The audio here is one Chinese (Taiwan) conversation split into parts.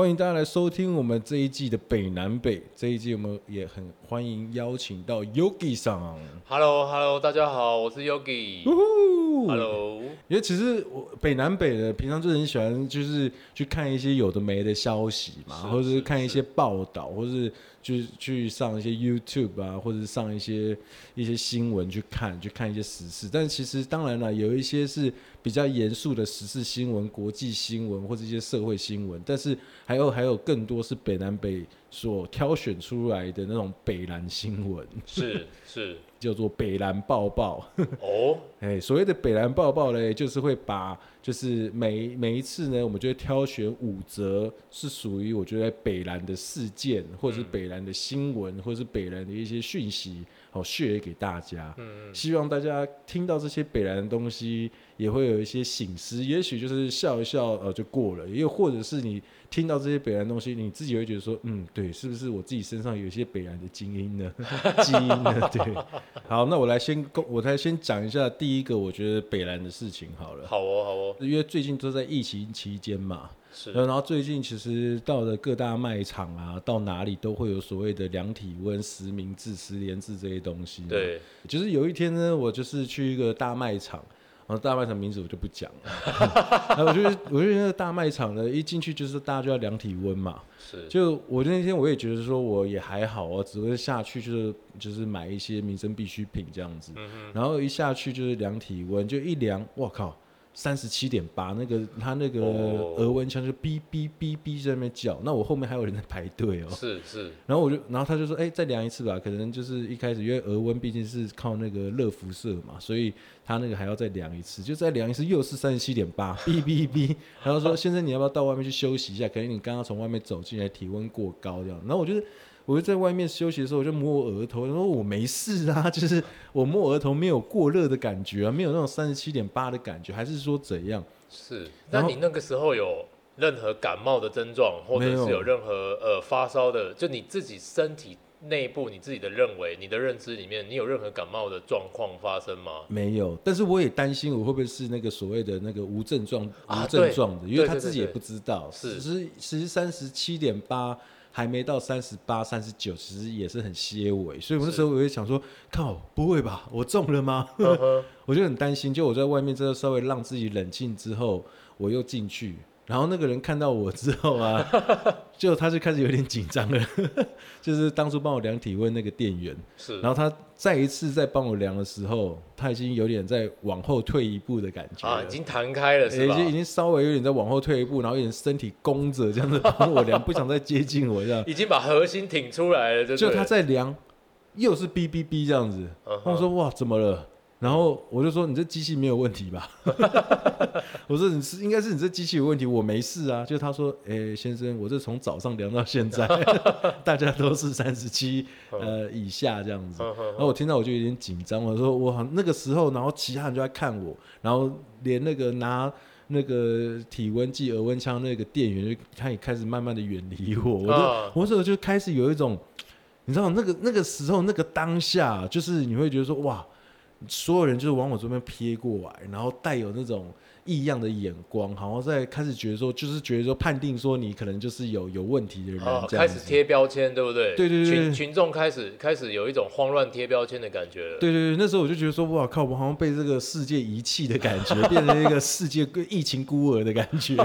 歡迎大家來收聽我們這一季的北南北。這一季我們也很歡迎邀請到 Yogi 桑。Hello，Hello，hello，大家好，我是 Yogi。呼呼。Hello，因為其實我北南北的平常就很喜歡，就是去看一些有的沒的消息嘛，是或者是看一些報道，是或是去是去上一些 YouTube 啊，或者是上一些一些新聞去看，去看一些時事。但其實當然了，有一些是比較嚴肅的時事新聞、國際新聞或一些社會新聞，但是還有還有更多是北南北所挑選出來的那種北南新聞，是是。 是是叫做北南報報哦，哎，oh? 所謂的北南報報呢，就是會把就是每每一次呢，我們就會挑選五則，是屬於我覺得北南的事件，或者是北南的新聞，嗯、或者是北南的一些訊息，好，share 給大家。嗯嗯，希望大家聽到這些北南的東西，也會有一些省思，也許就是笑一笑呃，就過了，又或者是你。聽到這些北南東西，你自己會覺得說，嗯，對，是不是我自己身上有一些北南的基因呢？基因 呢？對。好，那我來先，我來先講一下第一個，我覺得北南的事情好了。好哦，好哦，因為最近都在疫情期間嘛。是然後最近其實到了各大賣場啊，到哪裡都會有所謂的量體溫、實名制、實聯制這些東西。對。就是有一天呢，我就是去一個大賣場。然後大賣場名字我就不講了 我，我就是，我就那個大賣場的，一進去就是大家就要量體溫嘛。是。就我那天我也覺得說我也還好哦，只會下去就是就是買一些民生必需品這樣子。嗯哼然後一下去就是量體溫，就一量，我靠，三十七點八，那個他那個額溫槍就嗶嗶嗶嗶在那邊叫。那我後面還有人在排隊哦。是是。然後我就，然後他就說，哎、欸，再量一次吧，可能就是一開始因為額溫畢竟是靠那個熱輻射嘛，所以。他那個還要再量一次，就再量一次，又是三十七點八，嗶嗶嗶。然後說：“先生，你要不要到外面去休息一下？可能你剛剛從外面走進來，體溫過高這樣。”然後我就我就在外面休息的時候，我就摸我額頭，我說：“我沒事啊，就是我摸我額頭沒有過熱的感覺啊，沒有那種三十七點八的感覺，還是說怎樣？”是，然後你那個時候有任何感冒的症狀，或者是有任何有呃發燒的，就你自己身體，內部你自己的認為，你的認知裡面，你有任何感冒的狀況發生嗎？沒有，但是我也擔心我會不會是那個所謂的那個無症狀啊，症狀的，對因為他自己也不知道，是，其實三十七點八還沒到三十八、三十九，其實也是很些微，所以我那時候我就想說，是靠，不會吧，我中了嗎？ uh huh、我就很擔心，就我在外面真的稍微讓自己冷靜之後，我又進去。然後那個人看到我之後啊， 就他就開始有點緊張了， 就是當初幫我量體溫那個店員。是的。然後他再一次在幫我量的時候，他已經有點在往後退一步的感覺。啊，已經彈開了是吧？已經、欸、已經稍微有點在往後退一步，然後有點身體弓着這樣子幫 我量，不想再接近我這樣。 已經把核心挺出來了，就對了。就他在量，又是 bbb 這樣子。他、嗯、哼說：“哇，怎麼了？”然後我就說：“你這機器沒有問題吧？” 我說：“你是應該是你這機器有問題，我沒事啊。”就他說：“哎，先生，我這從早上量到現在， 大家都是三十七呃以下這樣子。”然後我聽到我就有點緊張，我說：“我那個時候，然後其他人就在看我，然後連那個拿那個體溫計、耳溫槍那個店員，他也開始慢慢的遠離我。我就我說，就開始有一種，你知道，那個那個時候那個當下，就是你會覺得說哇。”所有人就是往我這邊撇過來，然後帶有那種異樣的眼光，好像在開始覺得說，就是覺得說，判定說你可能就是有有問題的人。哦，開始貼標籤，對不對？對對對，群群眾開始開始有一種慌亂貼標籤的感覺了。對對對，那時候我就覺得說，哇靠，我好像被這個世界遺棄的感覺，變成一個世界孤疫情孤兒的感覺，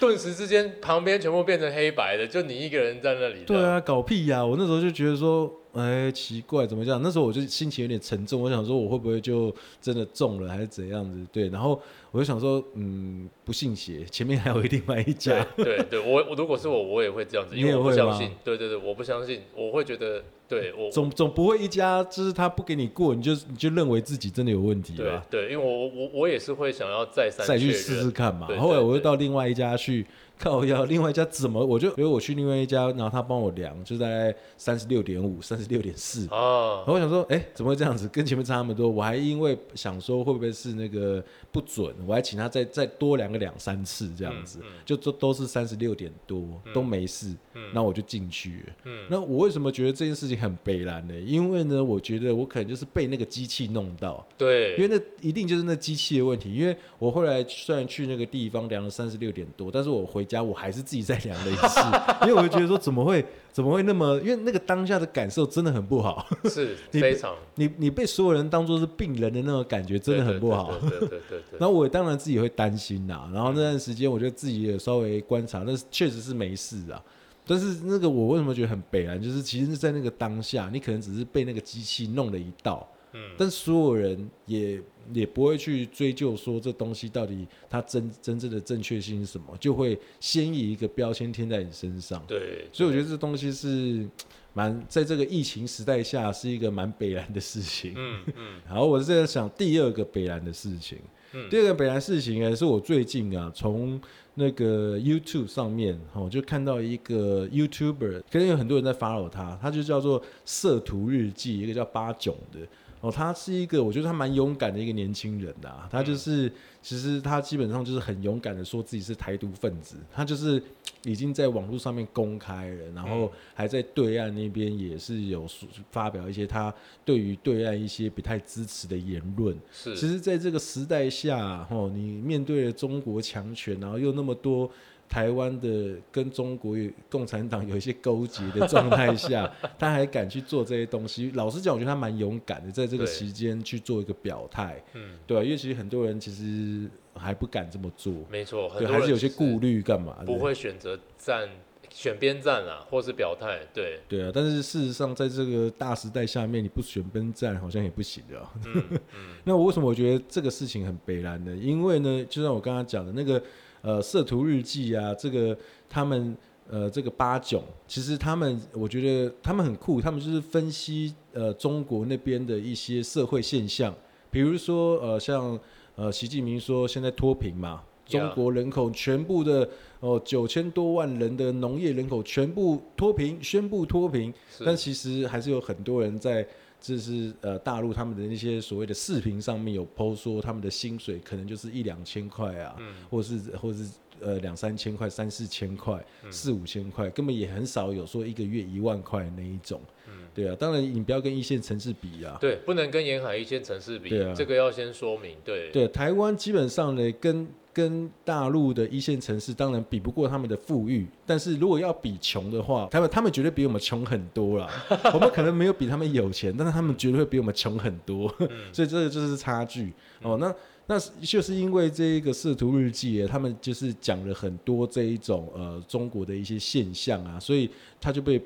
頓 時之間旁邊全部變成黑白的，就你一個人在那裡。對啊，搞屁呀、啊！我那時候就覺得說。哎，奇怪，怎麼講？那時候我就心情有點沉重，我想說我會不會就真的中了，還是怎樣子？對，然後。我就想說，嗯，不信邪，前面還有另外一家。對對，對，我我如果是我，我也會這樣子，因為我不相信。對對對，我不相信，我會覺得，對，我總總不會一家就是他不給你過，你就你就認為自己真的有問題吧對。對，因為我我我也是會想要再三再去試試看嘛。對對對，後來我又到另外一家去，靠腰另外一家怎麼，我就比如我去另外一家，然後他幫我量，就在三十六點五、三十六點四。哦，然後我想說，哎、欸，怎麼會這樣子？跟前面差那麼多，我還因為想說會不會是那個不準。我還請他再再多量個兩三次這樣子，嗯嗯、就都都是三十六點多，都沒事。那、嗯嗯、我就進去了。嗯、那我為什麼覺得這件事情很北南呢？因為呢，我覺得我可能就是被那個機器弄到。對。因為那一定就是那機器的問題。因為我後來雖然去那個地方量了三十六點多，但是我回家我還是自己再量了一次， 因為我覺得說怎麼會。怎麼會那麼？因為那個當下的感受真的很不好，是呵呵非常你你，你被所有人當做是病人的那種感覺真的很不好。對對對。然後我也當然自己會擔心吶，然後那段時間我就自己也稍微觀察，那是確實是沒事啊。但是那個我為什麼覺得很北南，就是其實是在那個當下，你可能只是被那個機器弄了一道。嗯，但所有人也也不會去追究說這東西到底它真真正的正確性是什麼，就會先以一個標籤貼在你身上。對，對所以我覺得這東西是蠻，在這個疫情時代下是一個蠻北南的事情。嗯嗯，然、嗯、後 我是在想第二個北南的事情。嗯，第二個北南事情呢，是我最近啊從那個 YouTube 上面哈就看到一個 YouTuber，可能有很多人在 follow 他，他就叫做攝徒日記，一個叫八炯的。哦，他是一個，我覺得他蠻勇敢的一個年輕人啊，他就是，嗯。其實他基本上就是很勇敢的說自己是台獨分子，他就是已經在網絡上面公開了，然後還在對岸那邊也是有發表一些他對於對岸一些不太支持的言論。是，其實在這個時代下，哦，你面對了中國強權，然後又那麼多。台灣的跟中國與共產黨有一些勾結的狀態下， 他還敢去做這些東西。老實講，我覺得他蠻勇敢的，在這個時間去做一個表態，嗯對，對啊，因為其實很多人其實還不敢這麼做，沒錯錯，對，是還是有些顧慮，幹嘛？不會選擇站對選邊站啊，或是表態，對，對啊。但是事實上，在這個大時代下面，你不選邊站好像也不行的、喔。嗯嗯、 那我為什麼我覺得這個事情很悲然呢？因為呢，就像我剛剛講的那個。呃，色圖日記啊，這個他們，呃，這個八九，其實他們，我覺得他們很酷，他們就是分析呃中國那邊的一些社會現象，比如說呃像呃習近平說現在脫貧嘛，Yeah. 中國人口全部的哦九千多萬人的農業人口全部脫貧，宣布脫貧，是但其實還是有很多人在。這是呃，大陸他們的那些所謂的視頻上面有 PO 說，他們的薪水可能就是一兩千塊啊，嗯、或是，或是。呃，兩三千塊、三四千塊、嗯、四五千塊，根本也很少有說一個月一萬塊那一種。嗯、對啊，當然你不要跟一線城市比啊。對，不能跟沿海一線城市比。對啊、這個要先說明。對對，台灣基本上呢，跟跟大陸的一線城市當然比不過他們的富裕，但是如果要比窮的話，他們他們絕對比我們窮很多啦， 我們可能沒有比他們有錢，但是他們絕對會比我們窮很多。嗯、 所以這就是差距哦。嗯、那那就是因為這個《色圖日記》他們就是講了很多這一種呃中國的一些現象啊，所以他就被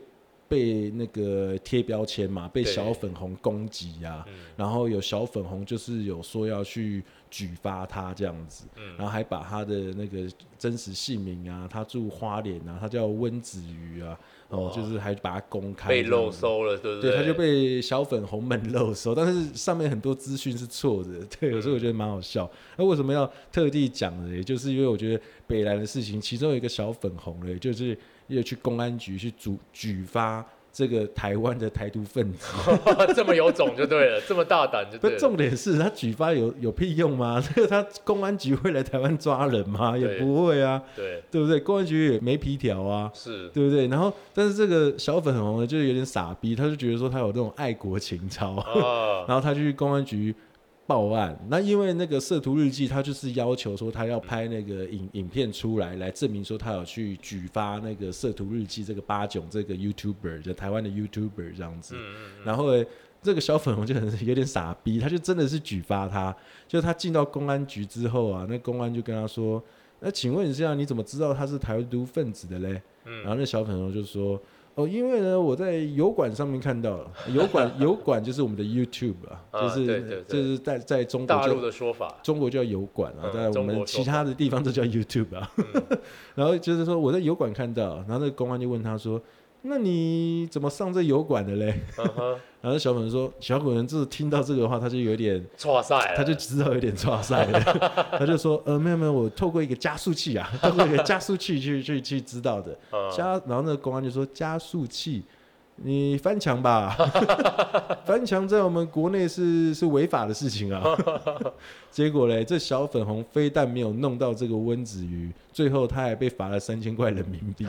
被那個貼標籤嘛，被小粉紅攻擊啊，嗯、然後有小粉紅就是有說要去舉發他這樣子，嗯、然後還把他的那個真實姓名啊，他住花蓮啊，他叫溫子瑜啊。哦，哦，就是還把它公開，被漏搜了，對不對？對，他就被小粉紅們漏搜，但是上面很多資訊是錯的，對，所以我覺得蠻好笑。那、嗯啊、為什麼要特地講呢？也就是因為我覺得北南的事情，對其中有一個小粉紅嘞，就是要去公安局去舉舉發。這個台灣的台獨分子 這麼有種就對了， 這麼大膽就對了。對。重點是他舉發有有屁用嗎？這 個他公安局會來台灣抓人嗎？對也不會啊。對，對不對？公安局也沒皮條啊。是。對不對？然後，但是這個小粉紅呢，就是有點傻逼，他就覺得說他有這種愛國情操，啊、 然後他去公安局，報案，那因為那個攝徒日記，他就是要求說他要拍那個影影片出來，來證明說他有去舉發那個攝徒日記這個八囧這個 YouTuber，就台灣的 YouTuber 這樣子。然後、欸、這個小粉紅就有點傻逼，他就真的是舉發他。就他進到公安局之後啊，那公安就跟他說，那請問你這樣你怎麼知道他是台獨分子的嘞？然後那小粉紅就說。哦，因為呢，我在油管上面看到了油管 油管就是我們的 YouTube 啊，啊就是對對對，就是在在中國就大陸的說法，中國叫油管啊，在、嗯、我們其他的地方都叫 YouTube 啊。嗯、 然後就是說我在油管看到，然後那個公安就問他說。那你怎麼上這油管的嘞？Uh huh. 然後小粉說，小粉就是聽到這個的話，他就有點挫賽，他就知道有點挫賽了 他就說，呃，沒有沒有，我透過一個加速器啊，透過一個加速器去 去去知道的。Uh huh. 加，然後那個公安就說，加速器，你翻牆吧， 翻牆在我們國內是是違法的事情啊。 結果嘞，這小粉紅非但沒有弄到這個溫子瑜。最後他還被罰了三千塊人民幣。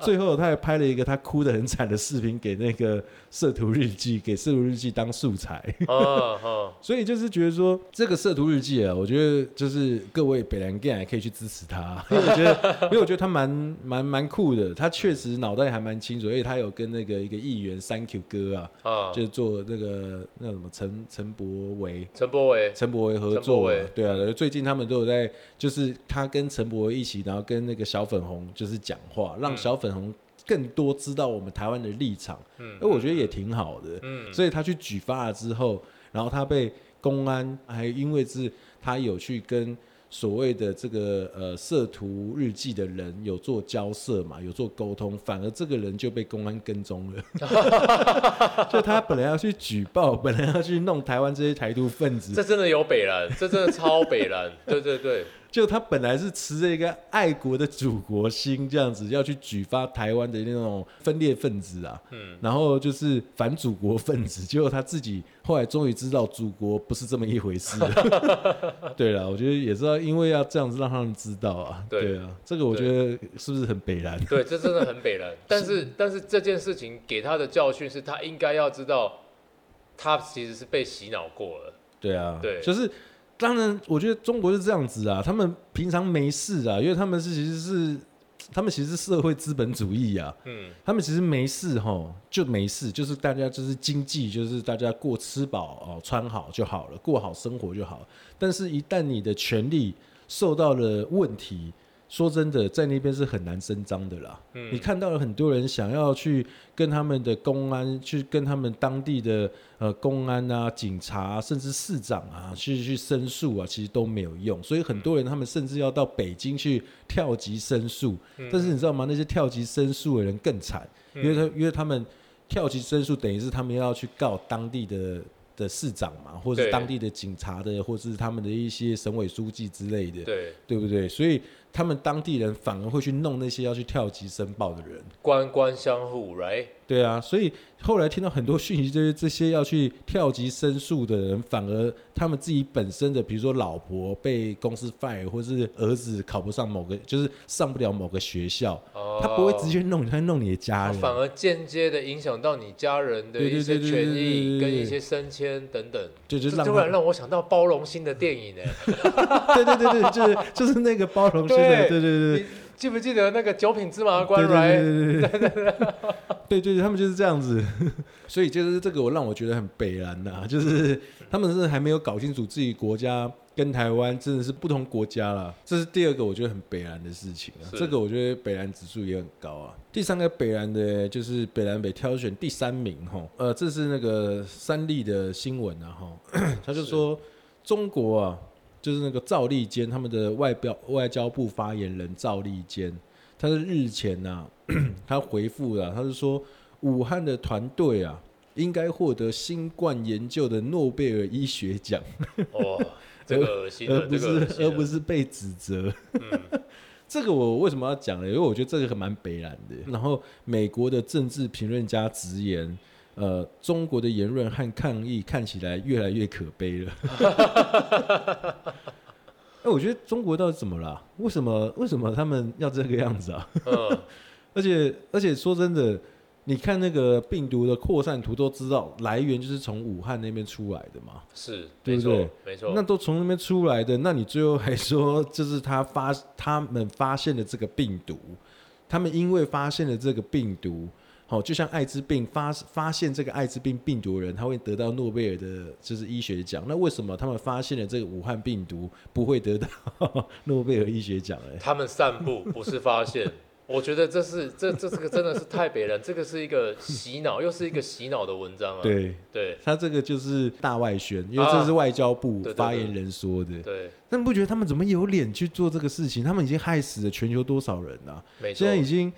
最後他還拍了一個他哭得很慘的視頻給那個《攝徒日記》給《攝徒日記》當素材、 啊。啊、所以就是覺得說這個《攝徒日記》啊，我覺得就是各位北南 Gay 還可以去支持他，因為我覺得，因為我覺得他蠻蠻蠻酷的，他確實腦袋還蠻清楚，而且他有跟那個一個議員三 Q 哥啊，啊，就是做那個那什麼陳陳柏惟，陳柏惟，陳柏惟合作，對啊，對啊最近他們都有在，就是他跟。跟陳柏惟一起，然後跟那個小粉紅就是講話，讓小粉紅更多知道我們台灣的立場，嗯，我覺得也挺好的。嗯，所以他去舉發了之後，然後他被公安還因為是他有去跟所謂的這個呃色圖日記的人有做交涉嘛，有做溝通，反而這個人就被公安跟蹤了。 就他本來要去舉報，本來要去弄台灣這些台獨分子，這真的有北南，這真的超北南。 對對對。就他本來是持着一個愛國的祖國心這樣子，要去舉發台灣的那種分裂分子啊，嗯，然後就是反祖國分子，結果他自己後來終於知道祖國不是這麼一回事了。 對了，我覺得也知道，因為要這樣子讓他們知道啊。對，對啊，這個我覺得是不是很北南？對，這真的很北南。 是但是，但是這件事情給他的教訓是他應該要知道，他其實是被洗腦過了。對啊，對，就是。當然，我覺得中國是這樣子啊，他們平常沒事啊，因為他們是其實是，他們其實是社會資本主義啊，嗯，他們其實沒事齁，就沒事，就是大家就是經濟，就是大家過吃飽哦，穿好就好了，過好生活就好，但是，一旦你的權利受到了問題。說真的，在那邊是很難伸張的啦。嗯，你看到了很多人想要去跟他們的公安，去跟他們當地的呃公安啊、警察啊，甚至市長啊，去去申訴啊，其實都沒有用。所以很多人他們甚至要到北京去跳級申訴。嗯，但是你知道嗎？那些跳級申訴的人更慘，嗯，因為他因為他們跳級申訴，等於是他們要去告當地的的市長嘛，或者是當地的警察的，對或者是他們的一些省委書記之類的。對。對不對？所以。他們當地人反而會去弄那些要去跳級申報的人，官官相護，right? 對啊，所以後來聽到很多訊息，就是這些要去跳級申訴的人，反而他們自己本身的，比如說老婆被公司 fire，或者是兒子考不上某個，就是上不了某個學校，哦、他不會直接弄，他會弄你的家人，反而間接的影響到你家人的一些權益跟一些升遷等等。這突然讓我想到包容心的電影呢。對對對對，就是就是那個包容心的，對對，對對對，記不記得那個九品芝麻官來？ 對對對對對，對。 對對，他們就是這樣子， 所以就是這個，我讓我覺得很北南的、啊，就是他們是還沒有搞清楚自己國家跟台灣真的是不同國家了，這是第二個我覺得很北南的事情啊，是這個我覺得北南指數也很高啊。第三個北南的，就是北南北挑選第三名哈，呃，這是那個三立的新聞啊哈，他就說是中國啊，就是那個趙立堅，他們的外表外交部發言人趙立堅。他是日前啊，咳咳，他回復了、啊，他是說武漢的團隊啊，應該獲得新冠研究的諾貝爾醫學獎。哦。這個噁心，而不是而不是被指責。嗯、 這個我為什麼要講呢？因為我覺得這個還蠻北南的。然後美國的政治評論家直言，呃，中國的言論和抗議看起來越來越可悲了。 哎、欸，我覺得中國到底怎麼了啊？為什麼為什麼他們要這個樣子啊？嗯、 而且而且說真的，你看那個病毒的擴散圖都知道，來源就是從武漢那邊出來的嘛。是，對不對？沒錯。那都從那邊出來的，嗯、那你最後還說就是他發他們發現了這個病毒，他們因為發現了這個病毒。哦，就像艾滋病發發現這個艾滋病病毒的人，他會得到諾貝爾的就是醫學獎。那為什麼他們發現了這個武漢病毒不會得到諾貝爾醫學獎、欸？哎，他們散步不是發現？ 我覺得這是這這這個真的是太北人， 這個是一個洗腦又是一個洗腦的文章啊。對對，對他這個就是大外宣，因為這是外交部發言人說的。啊、對，對，對，對但不覺得他們怎麼有臉去做這個事情？他們已經害死了全球多少人了、啊？沒錯。現在已經。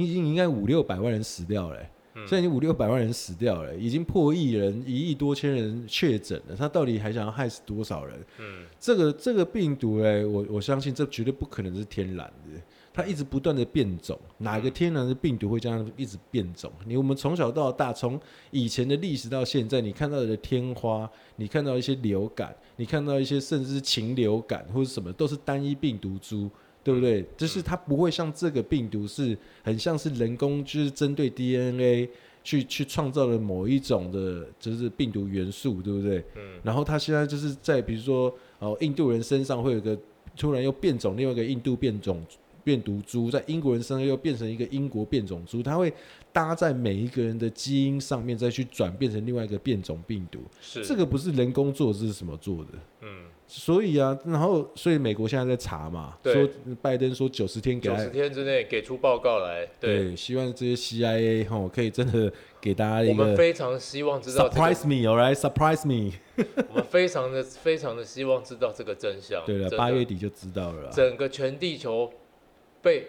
已經應該五六百萬人死掉了、欸，現在已經五六百萬人死掉了、欸，已經破億人，一億多千人確診了，他到底還想要害死多少人？嗯，這個這個病毒哎、欸，我我相信這絕對不可能是天然的，它一直不斷的變種，哪個天然的病毒會這樣一直變種？你我們從小到大，從以前的歷史到現在，你看到的天花，你看到一些流感，你看到一些甚至是禽流感或者什麼，都是單一病毒株。對不對？就是它不會像這個病毒，是很像是人工，就是針對 DNA 去去創造的某一種的，就是病毒元素，對不對？嗯。然後它現在就是在比如說，哦，印度人身上會有個突然又變種，另外一個印度變種變毒株，在英國人身上又變成一個英國變種株，它會。搭在每一個人的基因上面，再去轉變成另外一個變種病毒是，是這個不是人工做，這是什麼做的？嗯，所以啊，然後所以美國現在在查嘛，對說拜登說九十天給九十天之內給出報告來，對，對希望這些 CIA 哦，可以真的給大家一個，我們非常希望知道、這個、，Surprise me，all right?Surprise me，, me. 我們非常的非常的希望知道這個真相。對了啦，八的月底就知道了啦，整個全地球被。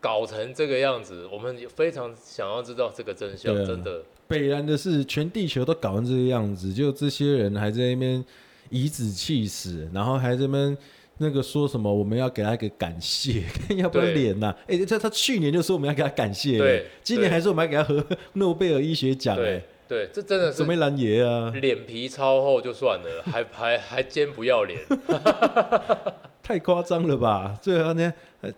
搞成這個樣子，我們也非常想要知道這個真相。對啊、真的，北南就的是，全地球都搞成這個樣子，就這些人還在那邊頤指氣使，然後還在那邊那個說什麼我們要給他一個感謝，對 要不要臉吶？哎、欸，他他去年就說我們要給他感謝，對，今年還說我們還給他喝諾貝爾醫學獎。哎，對，這真的是。什麼？藍爺啊，臉皮超厚就算了， 還還還尖，不要臉， 太誇張了吧？最後呢，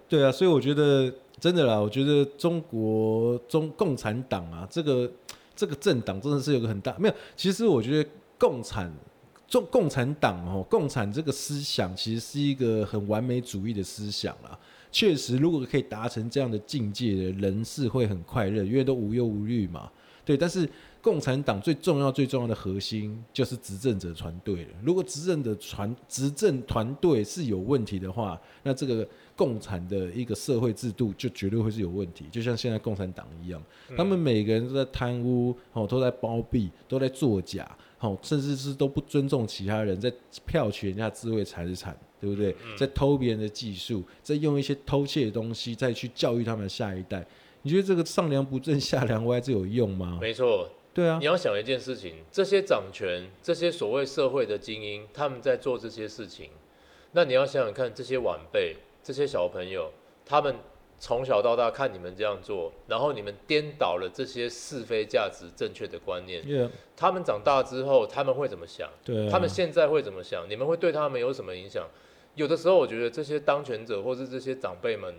對啊，所以我覺得。真的啦，我覺得中國中共產黨啊，這個這個政黨真的是有個很大沒有。其實我覺得共產中共產黨哦，共產這個思想其實是一個很完美主義的思想啦。確實，如果可以達成這樣的境界的人是會很快樂，因為都無憂無慮嘛。對，但是共產黨最重要最重要的核心就是執政者團隊了。如果執政的團執政團隊是有問題的話，那這個。共產的一個社會制度就絕對會是有問題，就像現在共產黨一樣，嗯、他們每個人都在貪污，哦，都在包庇，都在作假，哦，甚至是都不尊重其他人，在騙取人家智慧財產，對不對？嗯、在偷別人的技術，在用一些偷竊的東西再去教育他們的下一代，你覺得這個上梁不正下梁歪，這有用嗎？沒錯，對啊，你要想一件事情，這些掌權，這些所謂社會的精英，他們在做這些事情，那你要想想看，這些晚輩。這些小朋友，他們從小到大看你們這樣做，然後你們顛倒了這些是非價值正確的觀念。Yeah. 他們長大之後他們會怎麼想？對啊。他們現在會怎麼想？你們會對他們有什麼影響？有的時候，我覺得這些當權者，或是這些長輩們，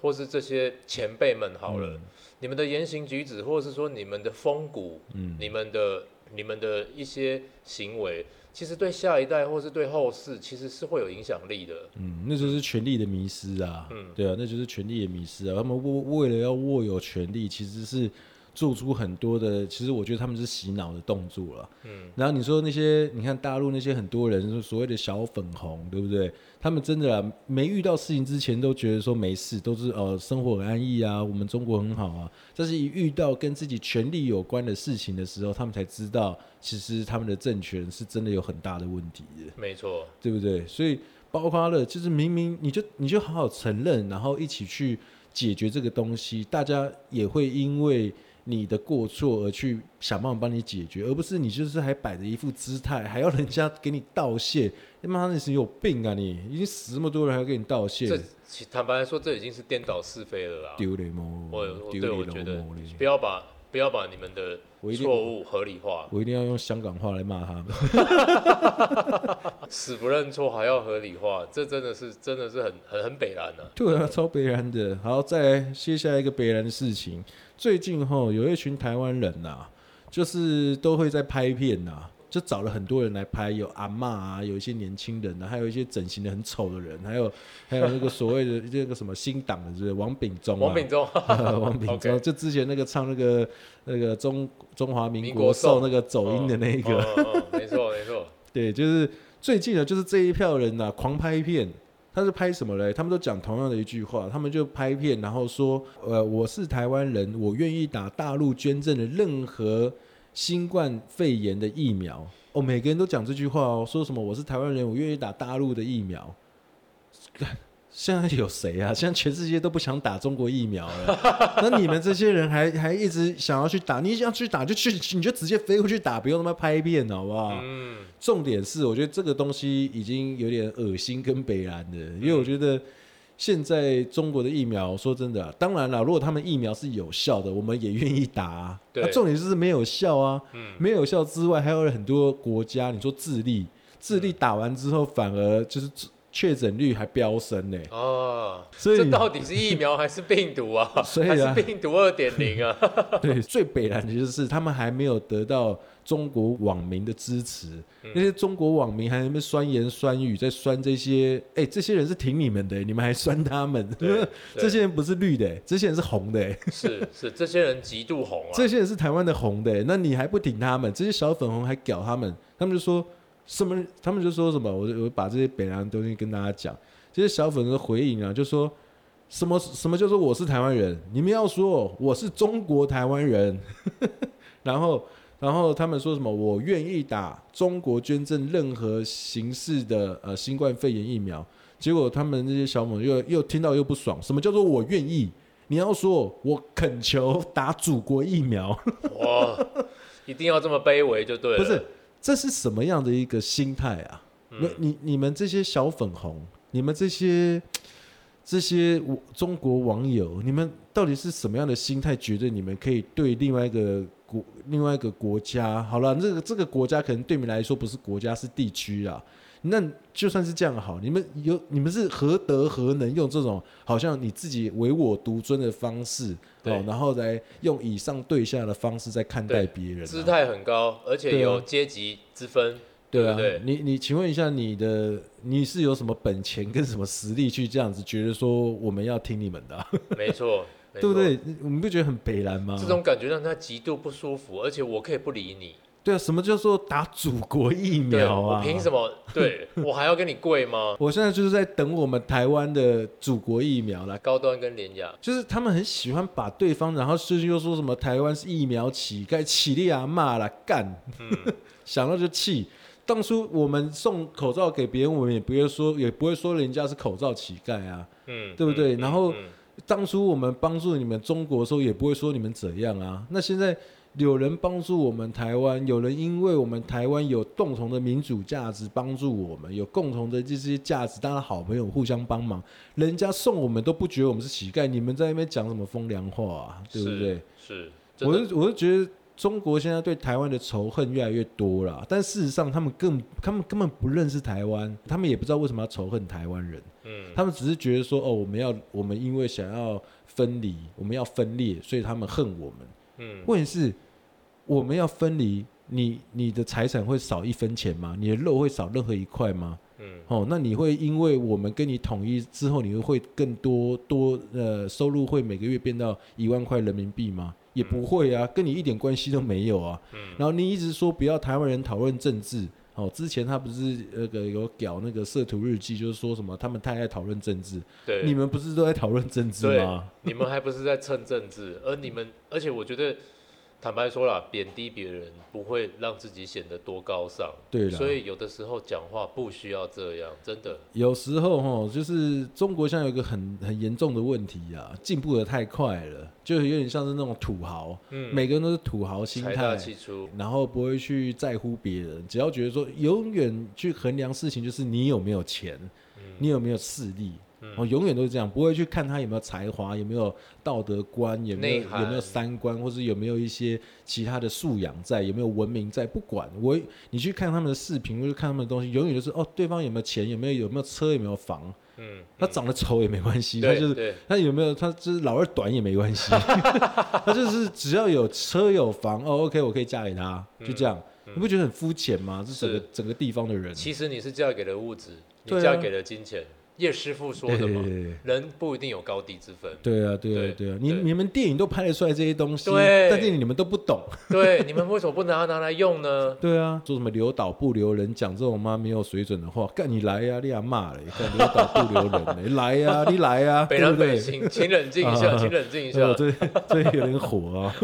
或是這些前輩們，好了，mm. 你們的言行舉止，或是說你們的風骨，mm. 你們的你們的一些行為。其實對下一代，或是對後世，其實是會有影響力的。嗯，那就是權力的迷失啊。嗯，對啊，那就是權力的迷失啊。他們為為了要握有權力，其實是。做出很多的，其實我覺得他們是洗腦的動作了。嗯，然後你說那些，你看大陸那些很多人就所謂的小粉紅，對不對？他們真的沒遇到事情之前都覺得說沒事，都是呃生活很安逸啊，我們中國很好啊。但是，一遇到跟自己權力有關的事情的時候，他們才知道，其實他們的政權是真的有很大的問題的。沒錯，對不對？所以，包括了，就是明明你就你就好好承認，然後一起去解決這個東西，大家也會因為。你的過錯而去想辦法幫你解決，而不是你就是還擺着一副姿態，還要人家給你道謝。你媽的，是有病啊你！你已經死那麼多人了，還要給你道謝？這坦白來說，這已經是顛倒是非了啦。丟臉嗎？我對我覺得蕪不要把不要把你們的錯誤合理化我。我一定要用香港話來罵他們。 死不認錯還要合理化，這真的是真的是很很很北南的、啊，對啊，超北南的。好，再來接下來一個北南的事情。最近哈有一群台灣人吶、啊，就是都會在拍片吶、啊，就找了很多人來拍，有阿嬤啊，有一些年輕人啊，還有一些整形的很醜的人，還有還有那個所謂的這個什麼新黨的就是王炳忠，王炳忠，王炳忠，okay. 就之前那個唱那個那個中中華民國受那個走音的那個，哦哦哦、沒錯沒錯，對，就是最近的就是這一票人吶、啊，狂拍片。他是拍什麼嘞？他們都講同樣的一句話，他們就拍片，然後說，呃，我是台灣人，我願意打大陸捐贈的任何新冠肺炎的疫苗。哦，每個人都講這句話哦，說什麼我是台灣人，我願意打大陸的疫苗。 現在有誰啊？現在全世界都不想打中國疫苗了， 那你們這些人還還一直想要去打？你想去打就去，你就直接飛過去打，不用他媽拍片，好不好？嗯、重點是，我覺得這個東西已經有點惡心跟北然的，嗯、因為我覺得現在中國的疫苗，說真的、啊，當然了、啊，如果他們疫苗是有效的，我們也願意打、啊。對啊、重點就是沒有效啊，沒有效之外，還有很多國家，你說智利，智利打完之後反而就是。確診率還飆升呢！哦，所以這到底是疫苗還是病毒啊？ 啊還是病毒二點零啊？ 對，最北藍北南的就是他們還沒有得到中國網民的支持。嗯、那些中國網民還在那邊酸言酸語，在酸這些，哎、欸，這些人是挺你們的，你們還酸他們？ 這些人不是綠的，這些人是紅的。 是是，這些人極度紅啊！這些人是台灣的紅的，那你還不挺他們？這些小粉紅還屌他們，他們就說。什麼？他們就說什麼？我就我把這些北南的東西跟大家講，這些小粉絲回應啊，就說什麼，什麼叫做我是台灣人？你們要說我是中國台灣人呵呵，然後然後他們說什麼？我願意打中國捐贈任何形式的呃新冠肺炎疫苗。結果他們這些小粉又又聽到又不爽，什麼叫做我願意？你要說我懇求打祖國疫苗？哇， 一定要這麼卑微就對了？不是。這是什麼樣的一個心態啊，那你？你、你們這些小粉紅，你們這些這些中國網友，你們到底是什麼樣的心態？覺得你們可以對另外一個國、另外一個國家？好了，這、那個這個國家可能對你們來說不是國家，是地區啊。那就算是這樣好，你們有你們是何德何能用這種好像你自己唯我獨尊的方式，對、哦，然後來用以上對象的方式在看待別人、啊，姿態很高，而且有階級之分，對啊，對對你你請問一下，你的你是有什麼本錢跟什麼實力去這樣子覺得說我們要聽你們的、啊 沒？沒錯，對不對？你不覺得很北南嗎？這種感覺讓他極度不舒服，而且我可以不理你。對，什麼叫做打祖國疫苗啊？憑什麼？對，我還要跟你跪嗎？ 我現在就是在等我們台灣的祖國疫苗啦。高端跟聯亞，就是他們很喜歡把對方，然後最近又說什麼台灣是疫苗乞丐、乞丐啊，罵了，幹，嗯、 想到就氣。當初我們送口罩給別人，我們也不會說，也不會說人家是口罩乞丐啊，嗯，對不對？嗯、然後、嗯嗯、當初我們幫助你們中國的時候，也不會說你們怎樣啊。那現在。有人幫助我們台灣，有人因為我們台灣有共同的民主價值幫助我們，有共同的這些價值，當然好朋友互相幫忙，人家送我們都不覺得我們是乞丐，你們在那邊講什麼風涼話啊，是對不對？是，我是我是覺得中國現在對台灣的仇恨越來越多了，但事實上他們更他們根本不認識台灣，他們也不知道為什麼要仇恨台灣人，嗯，他們只是覺得說哦，我們要我們因為想要分離，我們要分裂，所以他們恨我們。問題是，我們要分離，你你的財產會少一分錢嗎？你的肉會少任何一塊嗎？嗯，哦，那你會因為我們跟你統一之後，你會會更多多呃收入會每個月變到一萬塊人民幣嗎？也不會啊，嗯，跟你一點關係都沒有啊。嗯，然後你一直說不要台灣人討論政治。哦，之前他不是那個有搞那個攝徒日記，就是說什麼他們太愛討論政治，對，你們不是都在討論政治嗎？你們還不是在蹭政治？ 而你們，而且我覺得。坦白說啦，貶低別人不會讓自己顯得多高尚。對啦，所以有的時候講話不需要這樣，真的。有時候吼，就是中國現在有一個很很嚴重的問題啊，進步得太快了，就是有點像是那種土豪，嗯，每個人都是土豪心態，財大氣粗，然後不會去在乎別人，只要覺得說，永遠去衡量事情就是你有沒有錢，嗯、你有沒有勢力。我、哦、永遠都是這樣，不會去看他有沒有才華，有沒有道德觀，有沒有內涵有沒有三觀，或者有沒有一些其他的素養在，有沒有文明在。不管我，你去看他們的視頻，或者看他們的東西，永遠都是哦，對方有沒有錢，有沒有有沒有車，有沒有房，嗯、他長得醜也沒關係，他就是他有沒有他就是老二短也沒關係，他就是只要有車有房哦，OK，我可以嫁給他，就這樣，嗯嗯、你不覺得很膚淺嗎？這是,整個,是整個地方的人。其實你是嫁給了物質，你嫁給了金錢。葉師傅說的嘛，人不一定有高低之分。對啊，對啊，對啊，你你們電影都拍得出來這些東西，但是你們都不懂。對，你們為什麼不拿拿來用呢？對啊，做什麼留島不留人，講這種媽沒有水準的話，幹你來呀！你亞罵了，幹，留島不留人，來呀，你來呀，對不對？北南北，請請冷靜一下，請冷靜一下。這這有點火啊。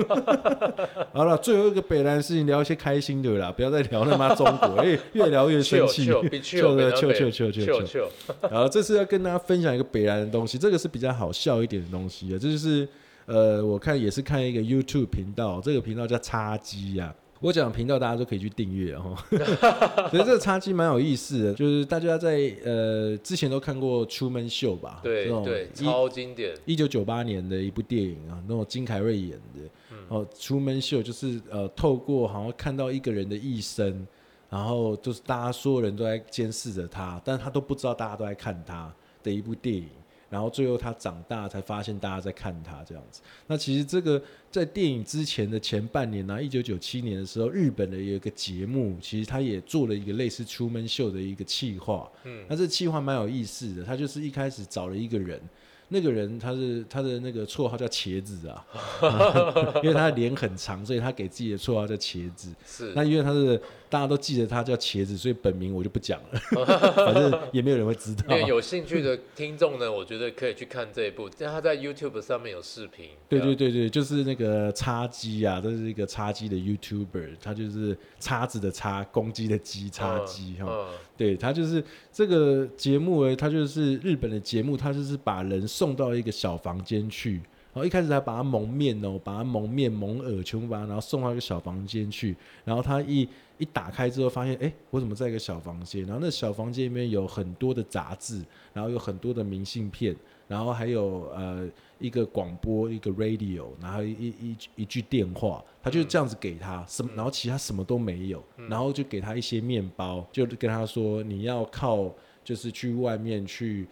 好了，最後一個北南事情聊一些開心，對不啦？不要再聊他媽中國，越聊越生氣。就就就臭臭然後這。 是要跟大家分享一個北南的東西，這個是比較好笑一點的東西啊，這就是呃，我看也是看一個 YouTube 頻道，這個頻道叫叉機啊。我講頻道大家都可以去訂閱，哦。其實這個叉機蠻有意思的，就是大家在呃之前都看過《楚門秀》吧？對那種對，超經典，一九九八年的一部電影啊，那種金凱瑞演的。哦、嗯，《楚門秀》就是呃透過好像看到一個人的一生。然後就是大家所有人都在監視着他，但他都不知道大家都在看他的一部電影。然後最後他長大才發現大家在看他這樣子。那其實這個在電影之前的前半年呢，啊，一九九七年的時候，日本的有一個節目，其實他也做了一個類似《楚門秀》的一個企劃。嗯，那這企劃蠻有意思的。他就是一開始找了一個人，那個人他是他的那個綽號叫茄子啊、 嗯，因為他的臉很長，所以他給自己的綽號叫茄子。是，那因為他是。大家都記得他叫茄子，所以本名我就不講了， 反正也沒有人會知道。 有，有興趣的聽眾呢，我覺得可以去看這一部，但他在 YouTube 上面有視頻。對對對，對就是那個叉雞啊，這是一個叉雞的 YouTuber，他就是叉子的叉，嗯，公雞的雞叉雞哈。對，他就是這個節目，他就是日本的節目，他就是把人送到一個小房間去。然後一開始還把他蒙面哦、喔，把他蒙面、蒙耳、全部把他，然後送到一個小房間去。然後他一一打開之後，發現哎、欸，我怎麼在一個小房間？然後那小房間裡面有很多的雜誌，然後有很多的明信片，然後還有呃一個廣播、一個 radio，然後一一一,一句電話，他就這樣子給他什麼，然後其他什麼都沒有，然後就給他一些麵包，就跟他說你要靠就是去外面去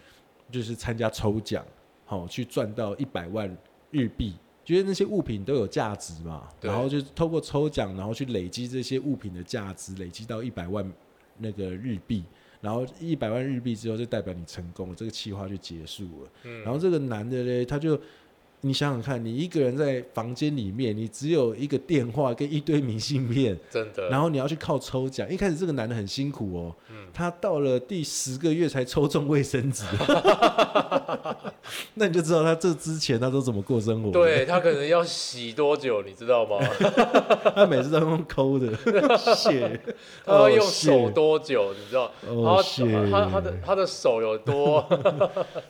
就是參加抽獎，好去賺到一百萬。日幣，覺得那些物品，都有價值嘛，對然後就透過抽獎，然後去累積這些物品的價值，累積到一百萬那個日幣，然後一百萬日幣之後就代表你成功了，這個企劃就結束了。嗯，然後這個男的呢，他就。你想想看，你一個人在房間裡面，你只有一個電話跟一堆明信片，真的。然後你要去靠抽獎，一開始這個男的很辛苦哦、喔，嗯、他到了第十個月才抽中衛生紙， 那你就知道他這之前他都怎麼過生活。對，他可能要洗多久，你知道嗎？ 他每次都用摳的血， 他要用手多久， 你知道？Oh、他血， 他他的他的手有多？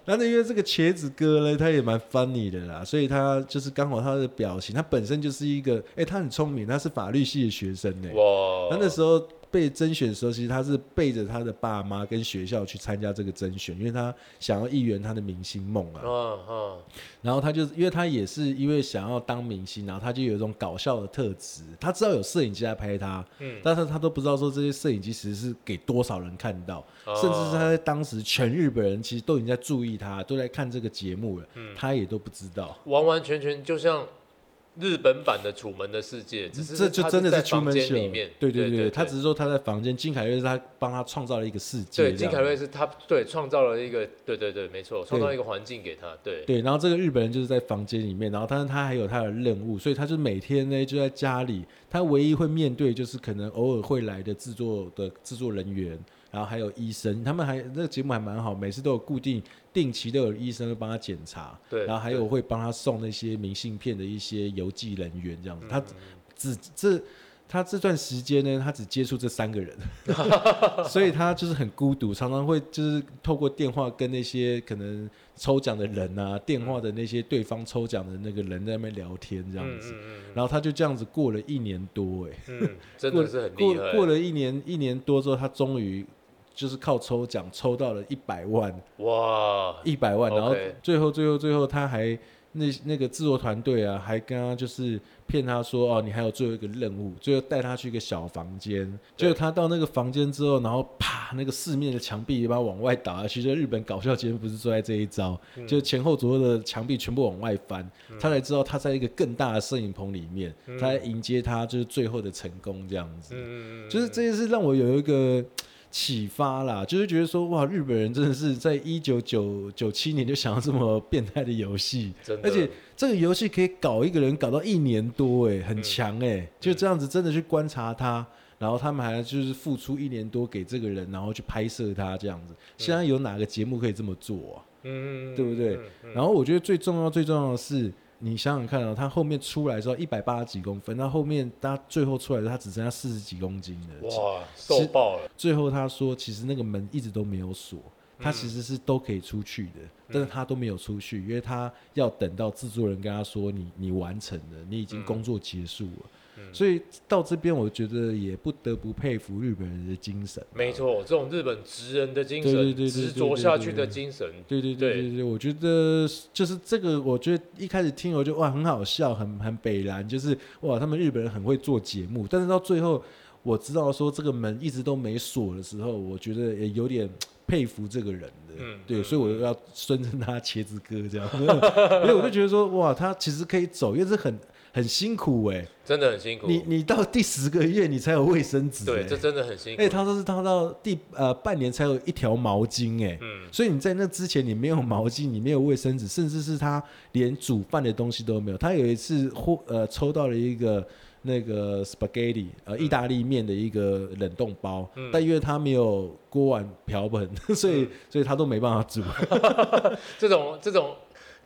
然 後 因為這個茄子哥呢，他也蠻 funny 的啦。所以他就是剛好他的表情，他本身就是一個，哎，他很聰明，他是法律系的學生呢。哇！他那時候。被甄選的時候，其實他是背着他的爸媽跟學校去參加這個甄選，因為他想要一圓他的明星夢啊。哦哦、然後他就因為他也是因為想要當明星，然後他就有一種搞笑的特質。他知道有攝影機在拍他，嗯、但是他都不知道說這些攝影機其實是給多少人看到，哦、甚至是他在當時全日本人其實都已經在注意他，都在看這個節目了，嗯、他也都不知道，完完全全就像日本版的《楚門的世界》，只是是是，這就真的是楚門秀。對對對，他只是說他在房間。金凱瑞是他幫他創造了一個世界。對，對，金凱瑞是他對，創造了一個，對對對，沒錯，創造了一個環境給他，對。對，然後這個日本人就是在房間裡面，然後但是他還有他的任務，所以他就每天呢就在家裡，他唯一會面對就是可能偶爾會來的制作的制作人員。然後還有醫生，他們還那個節目還蠻好，每次都有固定、定期都有醫生會幫他檢查。對。然後還有會幫他送那些明信片的一些郵寄人員這樣子。嗯、他只這他這段時間呢，他只接觸這三個人， 所以他就是很孤獨，常常會就是透過電話跟那些可能抽獎的人啊，嗯、電話的那些對方抽獎的那個人在那邊聊天這樣子。嗯嗯、然後他就這樣子過了一年多、欸，哎、嗯，真的是很厲害過過,過了一年一年多之後，他終於。就是靠抽獎抽到了一百萬，哇，一百萬！然後最後最後最後，他還那那個製作團隊啊，還跟他就是騙他說哦，你還有最後一個任務，最後帶他去一個小房間。對結果他到那個房間之後，然後啪，那個四面的牆壁把他往外倒下去。其實日本搞笑節目不是都在這一招，嗯、就前後左右的牆壁全部往外翻，嗯、他才知道他在一個更大的攝影棚裡面，嗯、他在迎接他就是最後的成功這樣子。嗯、就是這件事讓我有一個。啟發啦，就是覺得說哇，日本人真的是在一九九九七年就想要這麼變態的遊戲，而且這個遊戲可以搞一個人搞到一年多，欸，哎，很強哎，欸，嗯、就這樣子真的去觀察他，嗯、然後他們還就是付出一年多給這個人，然後去拍攝他這樣子，現在有哪個節目可以這麼做，啊。嗯，對不對？嗯嗯嗯，然後我覺得最重要最重要的是。你想想看啊、哦，他後面出來之後一百八十幾公分，那後面他最後出來的他只剩下四十幾公斤了，哇，瘦爆了。最後他說，其實那個門一直都沒有鎖，他其實是都可以出去的，嗯、但是他都沒有出去，因為他要等到制作人跟他說，你你完成了，你已經工作結束了。嗯所以到這邊，我覺得也不得不佩服日本人的精神。沒錯，這種日本職人的精神，執着下去的精神。對對對，我覺得就是這個。我覺得一開始聽我就哇，很好笑，很很北南，就是哇，他們日本人很會做節目。但是到最後我知道說這個門一直都沒鎖的時候，我覺得也有點佩服這個人的。對，所以我要尊稱他茄子哥這樣。所以我就覺得說哇，他其實可以走，因為是很。很辛苦哎、欸，真的很辛苦。你你到第十個月，你才有衛生紙、欸。對，這真的很辛苦。哎、欸，他說是他到第呃半年才有一條毛巾哎、欸，嗯，所以你在那之前你沒有毛巾，你沒有衛生紙，甚至是他連煮飯的東西都沒有。他有一次呃抽到了一個那個 spaghetti 呃意大利麵的一個冷凍包，嗯、但因為他沒有鍋碗瓢盆，所以、嗯、所以他都沒辦法煮。這 種這種。這種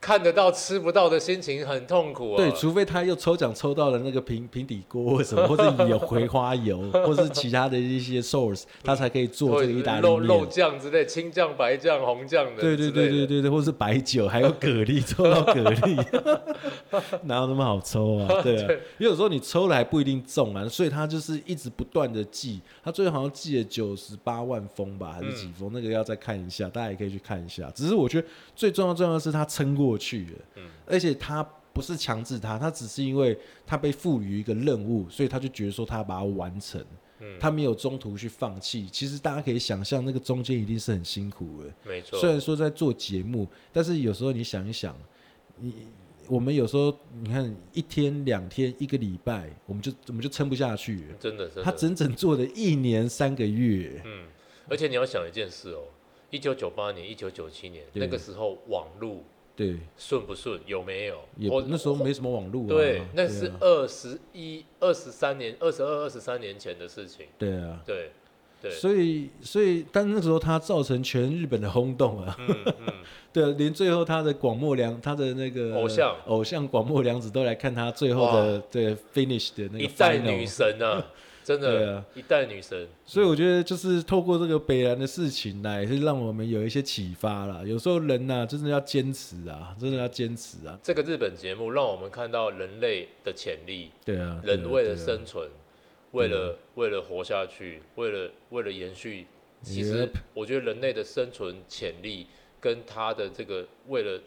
看得到吃不到的心情很痛苦啊！對，除非他又抽獎抽到了那個平平底鍋什麼，或者有葵花油，或是其他的一些 source，他才可以做這個意大利肉肉醬之類，青醬、白醬、紅醬的、的。對對對對對對，或者是白酒，還有蛤蜊， 抽到蛤蜊， 哪有那麼好抽啊？對啊，因為 對有時候你抽了還不一定中啊，所以他就是一直不斷的記，他最近好像記了九十八萬封吧，還是幾封？嗯、那個要再看一下，大家也可以去看一下。只是我覺得最重要重要的是他撐過。過去了，嗯，而且他不是強制他，他只是因為他被賦予一個任務，所以他就覺得說他要把它完成，嗯，他沒有中途去放棄。其實大家可以想象，那個中間一定是很辛苦的，沒錯。雖然說在做節目，但是有時候你想一想，你我們有時候你看一天兩天一個禮拜，我們就我們就撐不下去，真，真的。他整整做了一年三個月，嗯，而且你要想一件事哦，一九九八年、一九九七年對那個時候網路。對，順不順，有沒有？不我那時候沒什麼網絡啊。對，那是二十一、二十三年、二十二、二十三年前的事情。對啊，對。對所以，所以，但那時候他造成全日本的轟動啊，嗯嗯、 對，連最後他的廣末涼，他的那個偶像偶像廣末涼子都來看他最後的、哦、對 finish 的那個一代女神啊，真的， 對啊，一代女神。所以我覺得就是透過這個北南的事情呢，也是讓我們有一些啟發啦。有時候人吶、啊，真的要堅持啊，真的要堅持啊。這個日本節目讓我們看到人類的潛力，對啊，人為了生存。為了、嗯、為了活下去，為了為了延續，其實我覺得人類的生存潛力跟他的這個為了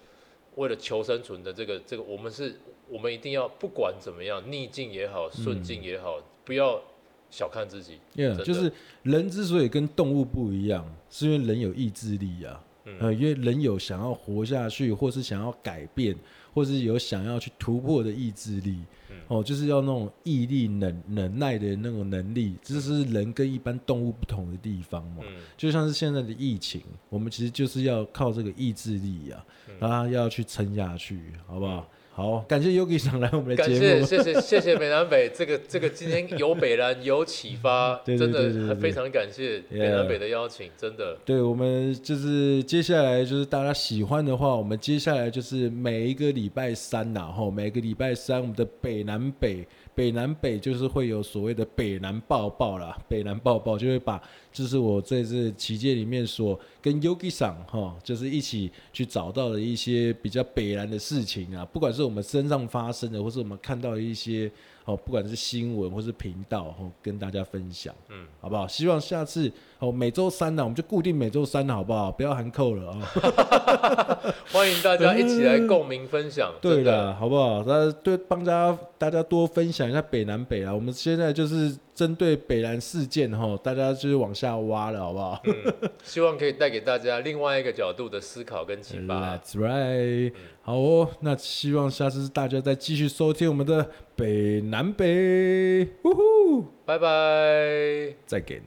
為了求生存的這個這個，我們是，我們一定要不管怎麼樣，逆境也好，順境也好，嗯、不要小看自己。嗯、真的。就是人之所以跟動物不一樣，是因為人有意志力呀、啊，嗯、呃，因為人有想要活下去，或是想要改變。或是有想要去突破的意志力，嗯、哦，就是要那種毅力能、能耐的那種能力，這是人跟一般動物不同的地方嘛。嗯、就像是現在的疫情，我們其實就是要靠這個意志力啊，然後、嗯、要去撐下去，好不好？嗯好，感謝 Yogi 桑，來我們的節目，謝，謝謝謝謝謝謝北南北 這個這個今天有北南有啟發，真的 非常感謝北南北的邀請，Yeah. 真的。對，我們就是接下來就是大家喜歡的話，我們接下來就是每一個禮拜三吶，吼，每個禮拜三我們的北南北。北南北就是會有所謂的北南報報啦，北南報報就會把，就是我這次企劃裡面所跟 Yogi 桑哈，就是一起去找到了一些比較北南的事情啊，不管是我們身上發生的，或是我們看到的一些。哦、不管是新聞或是頻道，哦，跟大家分享，嗯，好不好？希望下次哦，每周三呢、啊，我們就固定每周三好不好？不要寒扣了啊，哦！ 歡迎大家一起來共鳴分享，嗯，的對的，好不好？大家對，幫大家大家多分享一下北南北啊，我們現在就是。針對北南事件，吼，大家就是往下挖了，好不好，嗯？希望可以帶給大家另外一個角度的思考跟啟發。 That's right。嗯、好哦，那希望下次大家再繼續收聽我們的北南北。呼呼，拜拜。Bye bye 再給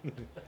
你。